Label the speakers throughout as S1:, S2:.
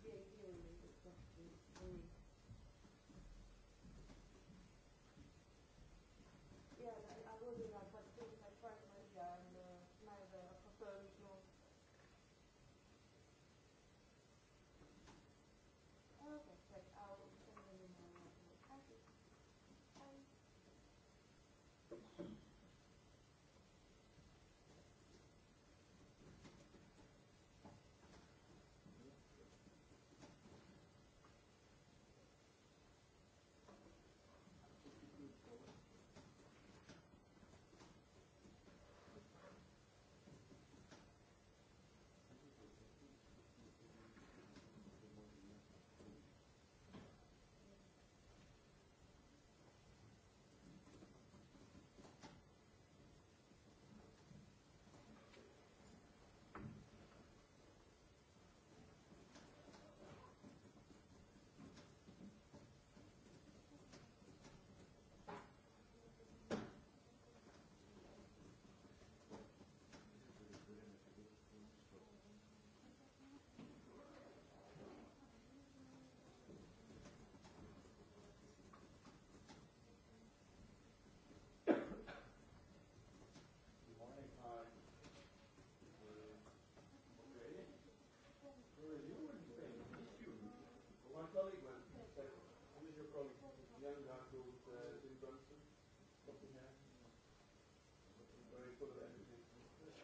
S1: Υπότιτλοι AUTHORWAVE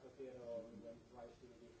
S1: refiero, igual sigue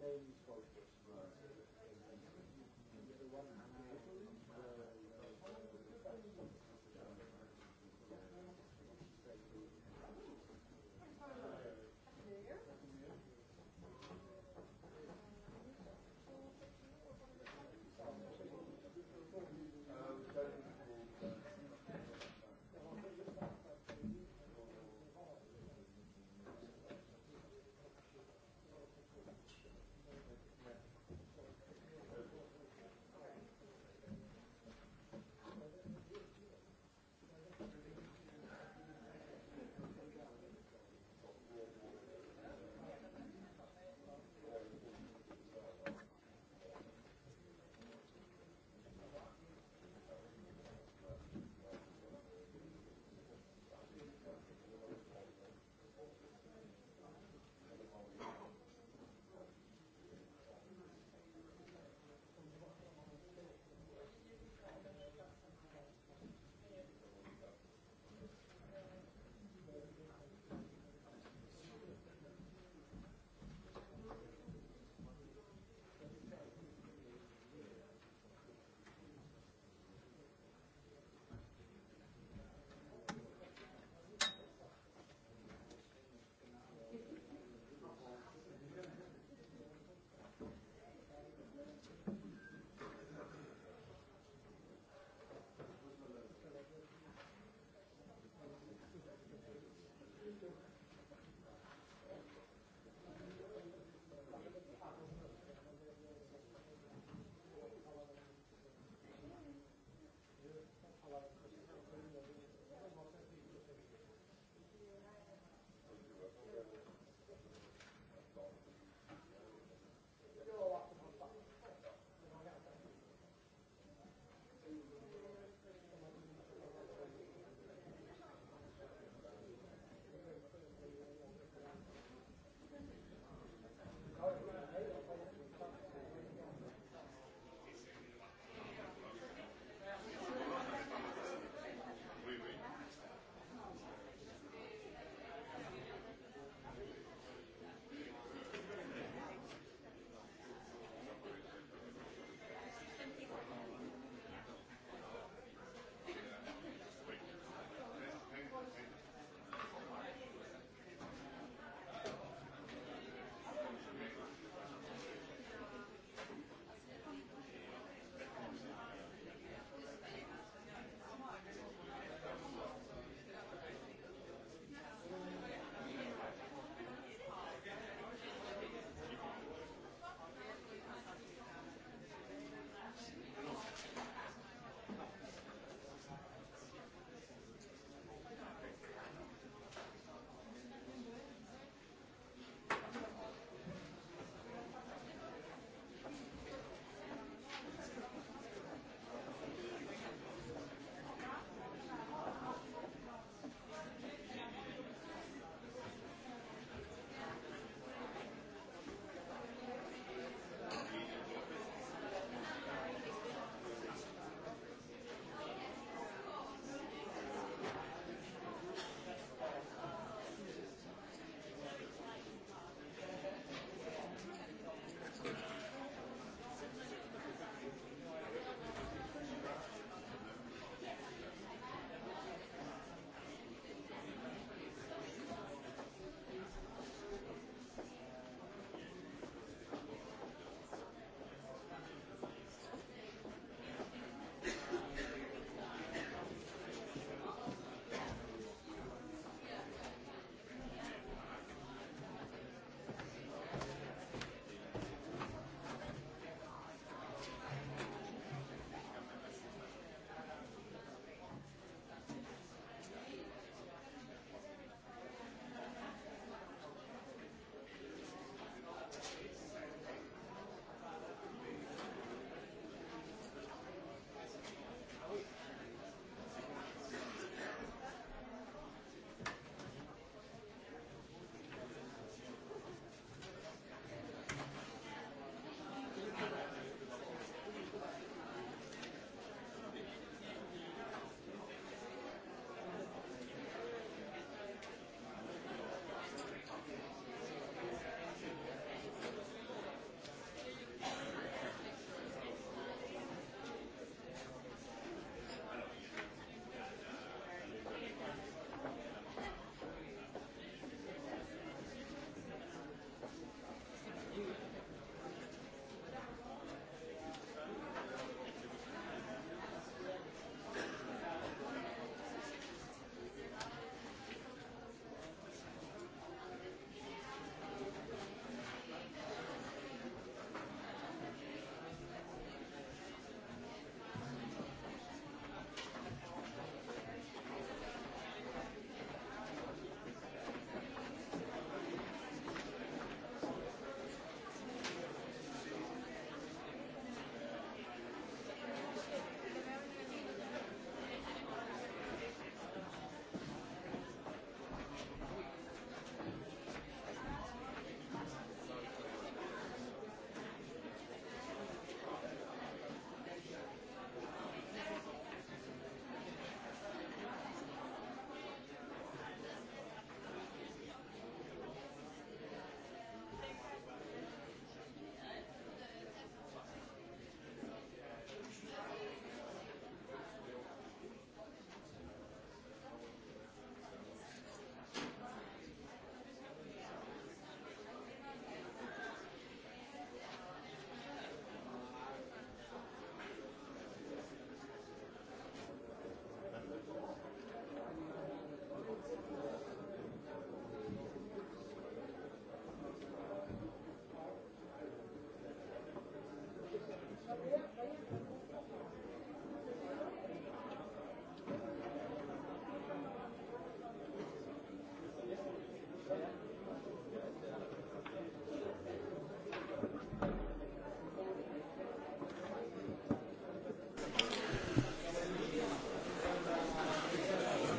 S1: main and The one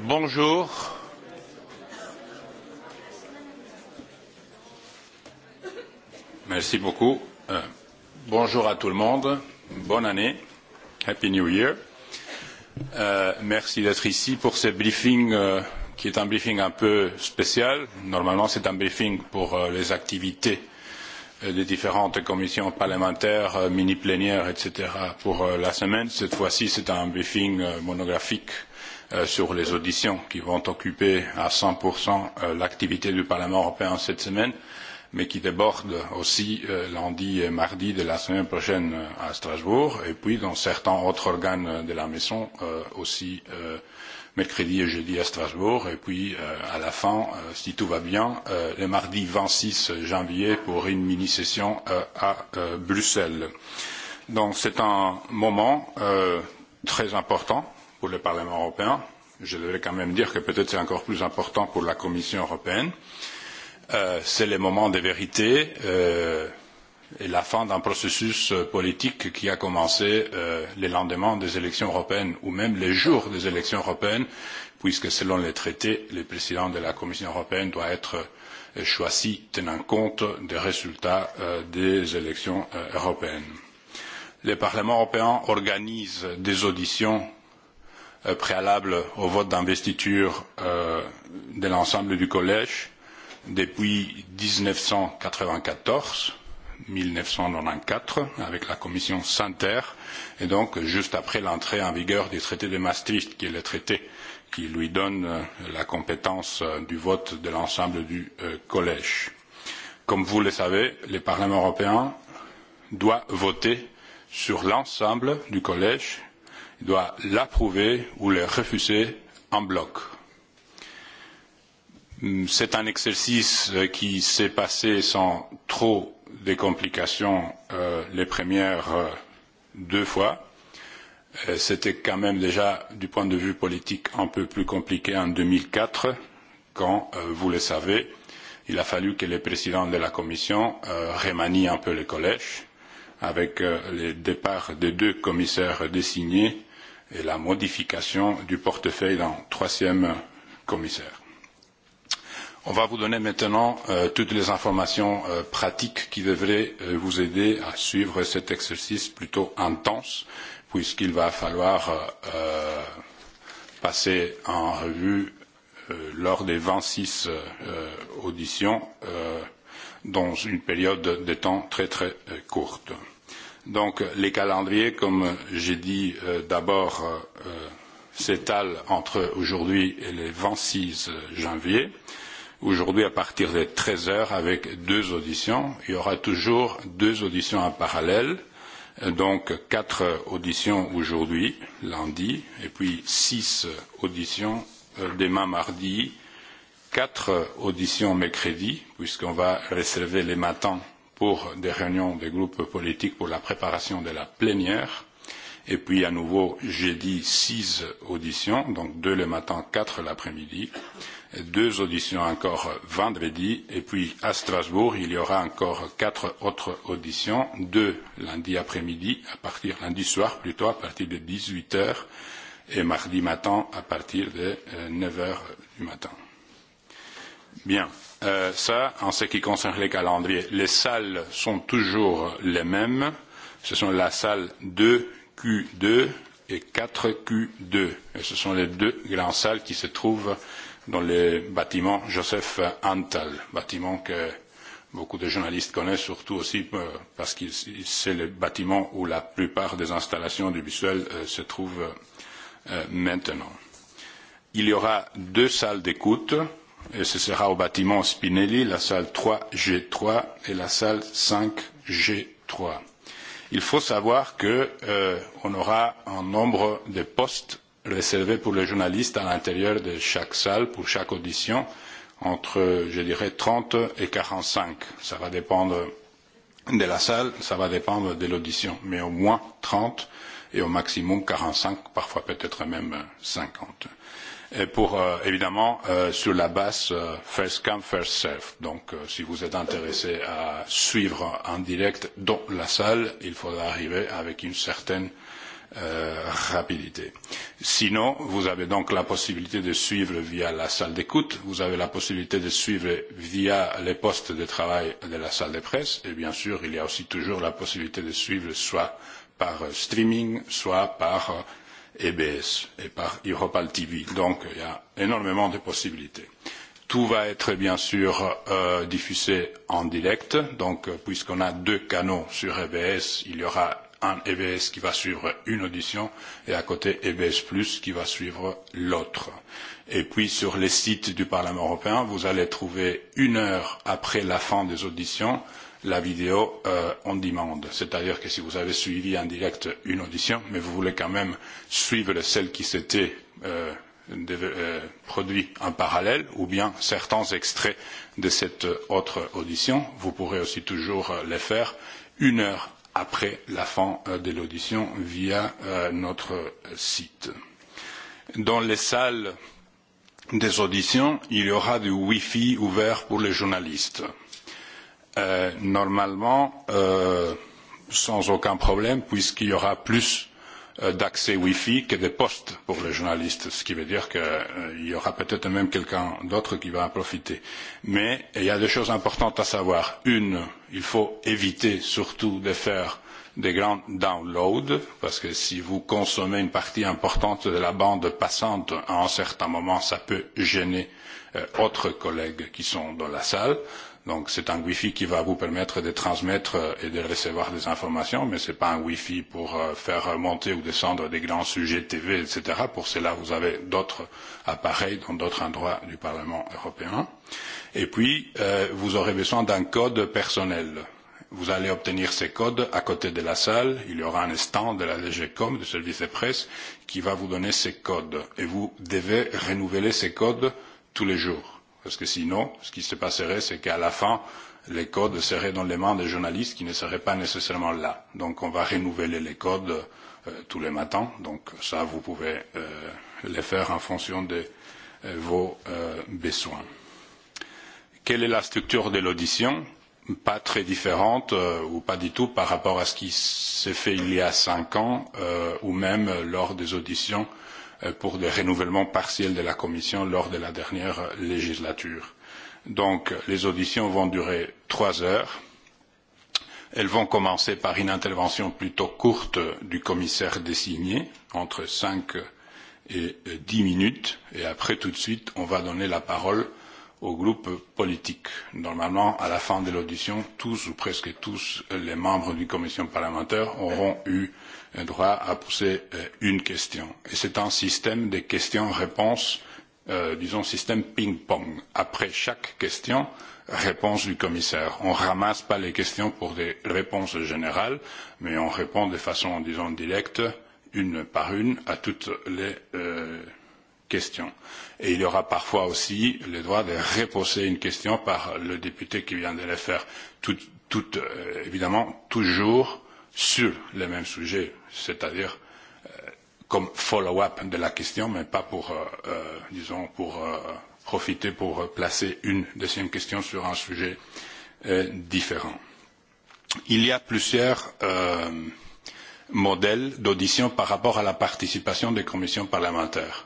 S2: Bonjour. Merci beaucoup. Bonjour à tout le monde. Bonne année. Happy New Year. Merci d'être ici pour ce briefing qui est un briefing un peu spécial. Normalement, c'est un briefing pour les activités des différentes commissions parlementaires, mini-plénières, etc. pour la semaine. Cette fois-ci, c'est un briefing monographique sur les auditions qui vont occuper à 100% l'activité du Parlement européen cette semaine, mais qui débordent aussi lundi et mardi de la semaine prochaine à Strasbourg, et puis dans certains autres organes de la maison aussi mercredi et jeudi à Strasbourg, et puis à la fin, si tout va bien, le mardi 26 janvier pour une mini-session à Bruxelles. Donc c'est un moment très important pour le Parlement européen. Je devrais quand même dire que peut-être c'est encore plus important pour la Commission européenne. C'est le moment de vérité et la fin d'un processus politique qui a commencé le lendemain des élections européennes ou même les jours des élections européennes, puisque selon les traités, le président de la Commission européenne doit être choisi tenant compte des résultats des élections européennes. Le Parlement européen organise des auditions préalable au vote d'investiture de l'ensemble du collège depuis 1994, 1994, avec la commission Santer, et donc juste après l'entrée en vigueur du traité de Maastricht, qui est le traité qui lui donne la compétence du vote de l'ensemble du collège. Comme vous le savez, le Parlement européen doit voter sur l'ensemble du collège doit l'approuver ou le refuser en bloc. C'est un exercice qui s'est passé sans trop de complications les premières deux fois. C'était quand même déjà, du point de vue politique, un peu plus compliqué en 2004, quand, vous le savez, il a fallu que le président de la Commission remanie un peu le collège, avec le départ des deux commissaires désignés et la modification du portefeuille d'un troisième commissaire. On va vous donner maintenant toutes les informations pratiques qui devraient vous aider à suivre cet exercice plutôt intense, puisqu'il va falloir passer en revue lors des 26 auditions dans une période de temps très très courte. Donc les calendriers, comme j'ai dit d'abord, s'étalent entre aujourd'hui et le 26 janvier. Aujourd'hui, à partir de 13 heures, avec deux auditions, il y aura toujours deux auditions en parallèle. Donc quatre auditions aujourd'hui, lundi, et puis six auditions demain mardi, quatre auditions mercredi, puisqu'on va réserver les matins pour des réunions des groupes politiques pour la préparation de la plénière. Et puis à nouveau, jeudi, six auditions, donc deux le matin, quatre l'après-midi. Deux auditions encore vendredi. Et puis à Strasbourg, il y aura encore quatre autres auditions. Deux lundi après-midi, à partir lundi soir plutôt, à partir de 18h. Et mardi matin, à partir de 9h du matin. Bien. Ça, en ce qui concerne les calendriers, les salles sont toujours les mêmes. Ce sont la salle 2Q2 et 4Q2. Et ce sont les deux grandes salles qui se trouvent dans le bâtiment Joseph Antal, bâtiment que beaucoup de journalistes connaissent, surtout aussi parce que c'est le bâtiment où la plupart des installations du visuel se trouvent maintenant. Il y aura deux salles d'écoute et ce sera au bâtiment Spinelli, la salle 3G3 et la salle 5G3. Il faut savoir qu'on aura un nombre de postes réservés pour les journalistes à l'intérieur de chaque salle, pour chaque audition, entre, je dirais, 30 et 45. Ça va dépendre de la salle, ça va dépendre de l'audition, mais au moins 30 et au maximum 45, parfois peut-être même 50 pour évidemment sur la base first come first serve. Donc si vous êtes intéressé à suivre en direct dans la salle, il faudra arriver avec une certaine rapidité. Sinon, vous avez donc la possibilité de suivre via la salle d'écoute, vous avez la possibilité de suivre via les postes de travail de la salle de presse et bien sûr, il y a aussi toujours la possibilité de suivre soit par streaming, soit par EBS et par Europal TV. Donc il y a énormément de possibilités. Tout va être bien sûr diffusé en direct. Donc puisqu'on a deux canaux sur EBS, il y aura un EBS qui va suivre une audition et à côté EBS Plus qui va suivre l'autre. Et puis sur les sites du Parlement européen, vous allez trouver une heure après la fin des auditions la vidéo on demande, C'est-à-dire que si vous avez suivi en direct une audition, mais vous voulez quand même suivre celle qui s'était produite en parallèle, ou bien certains extraits de cette autre audition, vous pourrez aussi toujours les faire une heure après la fin de l'audition via notre site. Dans les salles des auditions, il y aura du Wi-Fi ouvert pour les journalistes normalement sans aucun problème puisqu'il y aura plus d'accès Wi-Fi que de postes pour les journalistes, ce qui veut dire qu'il y aura peut-être même quelqu'un d'autre qui va en profiter. Mais il y a deux choses importantes à savoir. Une, il faut éviter surtout de faire des grands downloads, parce que si vous consommez une partie importante de la bande passante, à un certain moment, ça peut gêner autres collègues qui sont dans la salle. Donc c'est un wi qui va vous permettre de transmettre et de recevoir des informations, mais ce n'est pas un wifi pour faire monter ou descendre des grands sujets TV, etc. Pour cela, vous avez d'autres appareils dans d'autres endroits du Parlement européen. Et puis, vous aurez besoin d'un code personnel. Vous allez obtenir ces codes à côté de la salle. Il y aura un stand de la DGCOM, du service de presse, qui va vous donner ces codes. Et vous devez renouveler ces codes tous les jours Parce que sinon, ce qui se passerait, c'est qu'à la fin, les codes seraient dans les mains des journalistes qui ne seraient pas nécessairement là. Donc on va renouveler les codes tous les matins. Donc ça, vous pouvez les faire en fonction de vos besoins. Quelle est la structure de l'audition Pas très différente ou pas du tout par rapport à ce qui s'est fait il y a cinq ans ou même lors des auditions pour des renouvellement partiels de la Commission lors de la dernière législature. Donc, les auditions vont durer trois heures. Elles vont commencer par une intervention plutôt courte du commissaire désigné, entre cinq et dix minutes. Et après, tout de suite, on va donner la parole aux groupes politiques. Normalement, à la fin de l'audition, tous ou presque tous les membres d'une commission parlementaire auront eu droit à poser une question. Et c'est un système de questions-réponses, disons système ping-pong. Après chaque question, réponse du commissaire. On ne ramasse pas les questions pour des réponses générales, mais on répond de façon, disons, directe, une par une, à toutes les question. Et il y aura parfois aussi le droit de reposer une question par le député qui vient de le faire. évidemment, toujours sur le même sujet, c'est-à-dire comme follow-up de la question, mais pas pour, disons, pour profiter pour placer une deuxième question sur un sujet différent. Il y a plusieurs modèles d'audition par rapport à la participation des commissions parlementaires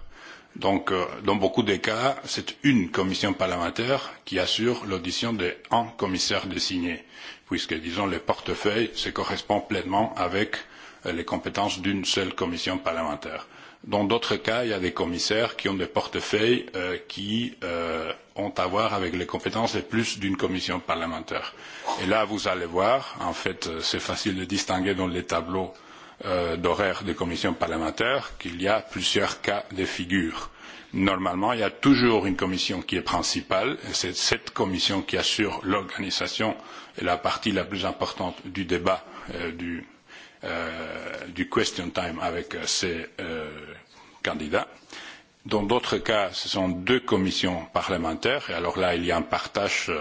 S2: Donc, dans beaucoup de cas, c'est une commission parlementaire qui assure l'audition d'un commissaire désigné, puisque, disons, le portefeuille se correspond pleinement avec les compétences d'une seule commission parlementaire. Dans d'autres cas, il y a des commissaires qui ont des portefeuilles qui ont à voir avec les compétences de plus d'une commission parlementaire. Et là, vous allez voir, en fait, c'est facile de distinguer dans les tableaux d'horaire des commissions parlementaires qu'il y a plusieurs cas de figure. Normalement, il y a toujours une commission qui est principale, et c'est cette commission qui assure l'organisation et la partie la plus importante du débat du question time avec ces candidats. Dans d'autres cas, ce sont deux commissions parlementaires, et alors là, il y a un partage,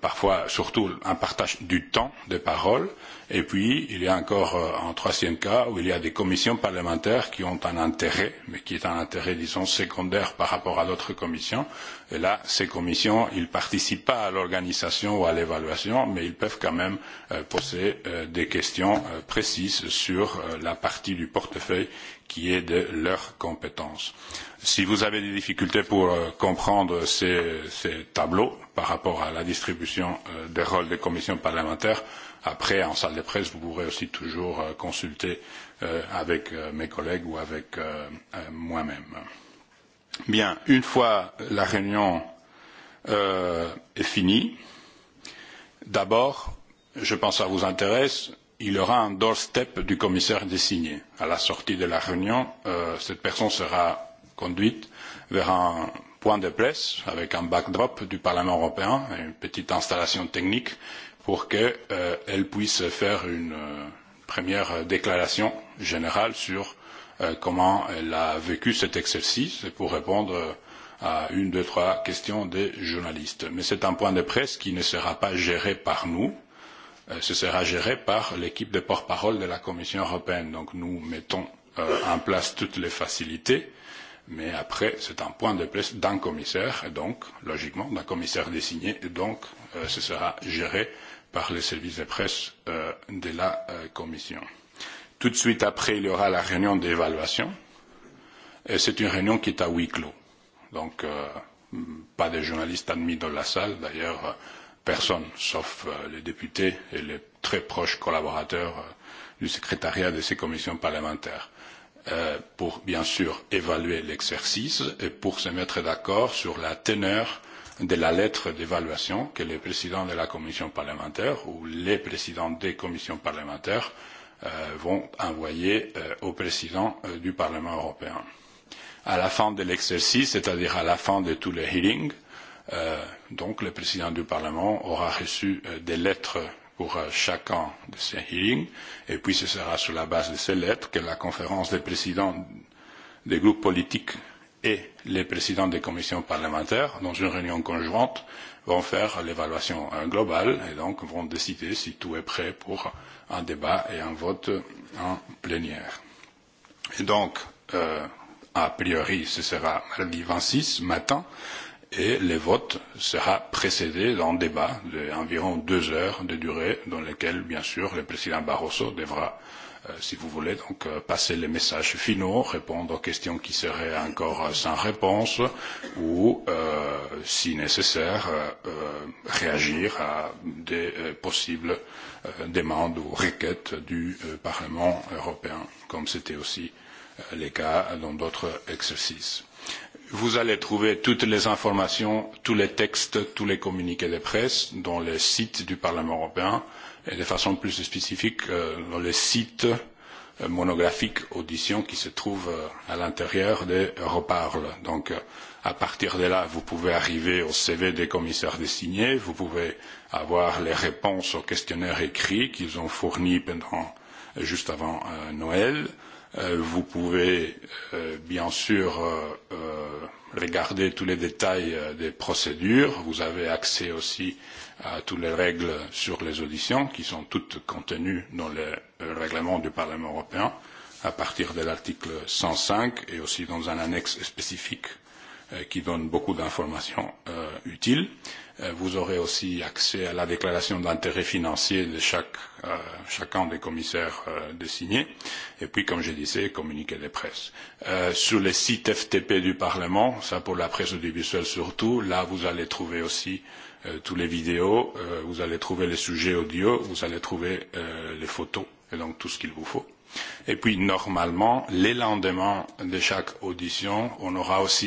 S2: parfois surtout un partage du temps de parole Et puis, il y a encore un troisième cas où il y a des commissions parlementaires qui ont un intérêt, mais qui est un intérêt, disons, secondaire par rapport à d'autres commissions. Et là, ces commissions, ils ne participent pas à l'organisation ou à l'évaluation, mais ils peuvent quand même poser des questions précises sur la partie du portefeuille qui est de leurs compétences. Si vous avez des difficultés pour comprendre ces tableaux, par rapport à la distribution des rôles des commissions parlementaires. Après, en salle de presse, vous pourrez aussi toujours consulter avec mes collègues ou avec moi-même. Bien, une fois la réunion est finie, d'abord, je pense que ça vous intéresse, il y aura un doorstep du commissaire désigné. À la sortie de la réunion, cette personne sera conduite vers un point de presse avec un backdrop du Parlement européen et une petite installation technique pour qu'elle puisse faire une première déclaration générale sur comment elle a vécu cet exercice pour répondre à une, deux, trois questions des journalistes. Mais c'est un point de presse qui ne sera pas géré par nous, ce sera géré par l'équipe de porte-parole de la Commission européenne. Donc nous mettons en place toutes les facilités mais après, c'est un point de plus d'un commissaire, et donc, logiquement, d'un commissaire désigné, et donc, ce sera géré par les services de presse de la Commission. Tout de suite après, il y aura la réunion d'évaluation, et c'est une réunion qui est à huis clos. Donc, pas de journalistes admis dans la salle, d'ailleurs, personne, sauf les députés et les très proches collaborateurs du secrétariat de ces commissions parlementaires pour bien sûr évaluer l'exercice et pour se mettre d'accord sur la teneur de la lettre d'évaluation que les présidents de la commission parlementaire ou les présidents des commissions parlementaires vont envoyer au président du Parlement européen. À la fin de l'exercice, c'est-à-dire à la fin de tous les hearings, donc le président du Parlement aura reçu des lettres pour chacun de ces hearings. Et puis ce sera sur la base de ces lettres que la conférence des présidents des groupes politiques et les présidents des commissions parlementaires, dans une réunion conjointe, vont faire l'évaluation globale et donc vont décider si tout est prêt pour un débat et un vote en plénière. Et donc, a priori, ce sera mardi 26 matin et le vote sera précédé d'un débat d'environ deux heures de durée dans lequel, bien sûr, le président Barroso devra, si vous voulez, donc passer les messages finaux, répondre aux questions qui seraient encore sans réponse ou, si nécessaire, réagir à des possibles demandes ou requêtes du Parlement européen, comme c'était aussi le cas dans d'autres exercices. Vous allez trouver toutes les informations, tous les textes, tous les communiqués de presse dans les sites du Parlement européen et de façon plus spécifique dans les sites monographiques audition qui se trouvent à l'intérieur de Reparle. Donc, à partir de là, vous pouvez arriver au CV des commissaires désignés, vous pouvez avoir les réponses aux questionnaires écrits qu'ils ont fournis juste avant Noël. Vous pouvez, bien sûr, Regardez tous les détails des procédures. Vous avez accès aussi à toutes les règles sur les auditions qui sont toutes contenues dans le règlement du Parlement européen à partir de l'article 105 et aussi dans un annexe spécifique qui donne beaucoup d'informations utiles. Vous aurez aussi accès à la déclaration d'intérêt financier de chacun des commissaires désignés. Et puis, comme je disais, communiqué les presse. Sur le site FTP du Parlement, ça pour la presse audiovisuelle surtout, là vous allez trouver aussi toutes les vidéos, vous allez trouver les sujets audio, vous allez trouver les photos, et donc tout ce qu'il vous faut. Et puis, normalement, les lendemains de chaque audition, on aura aussi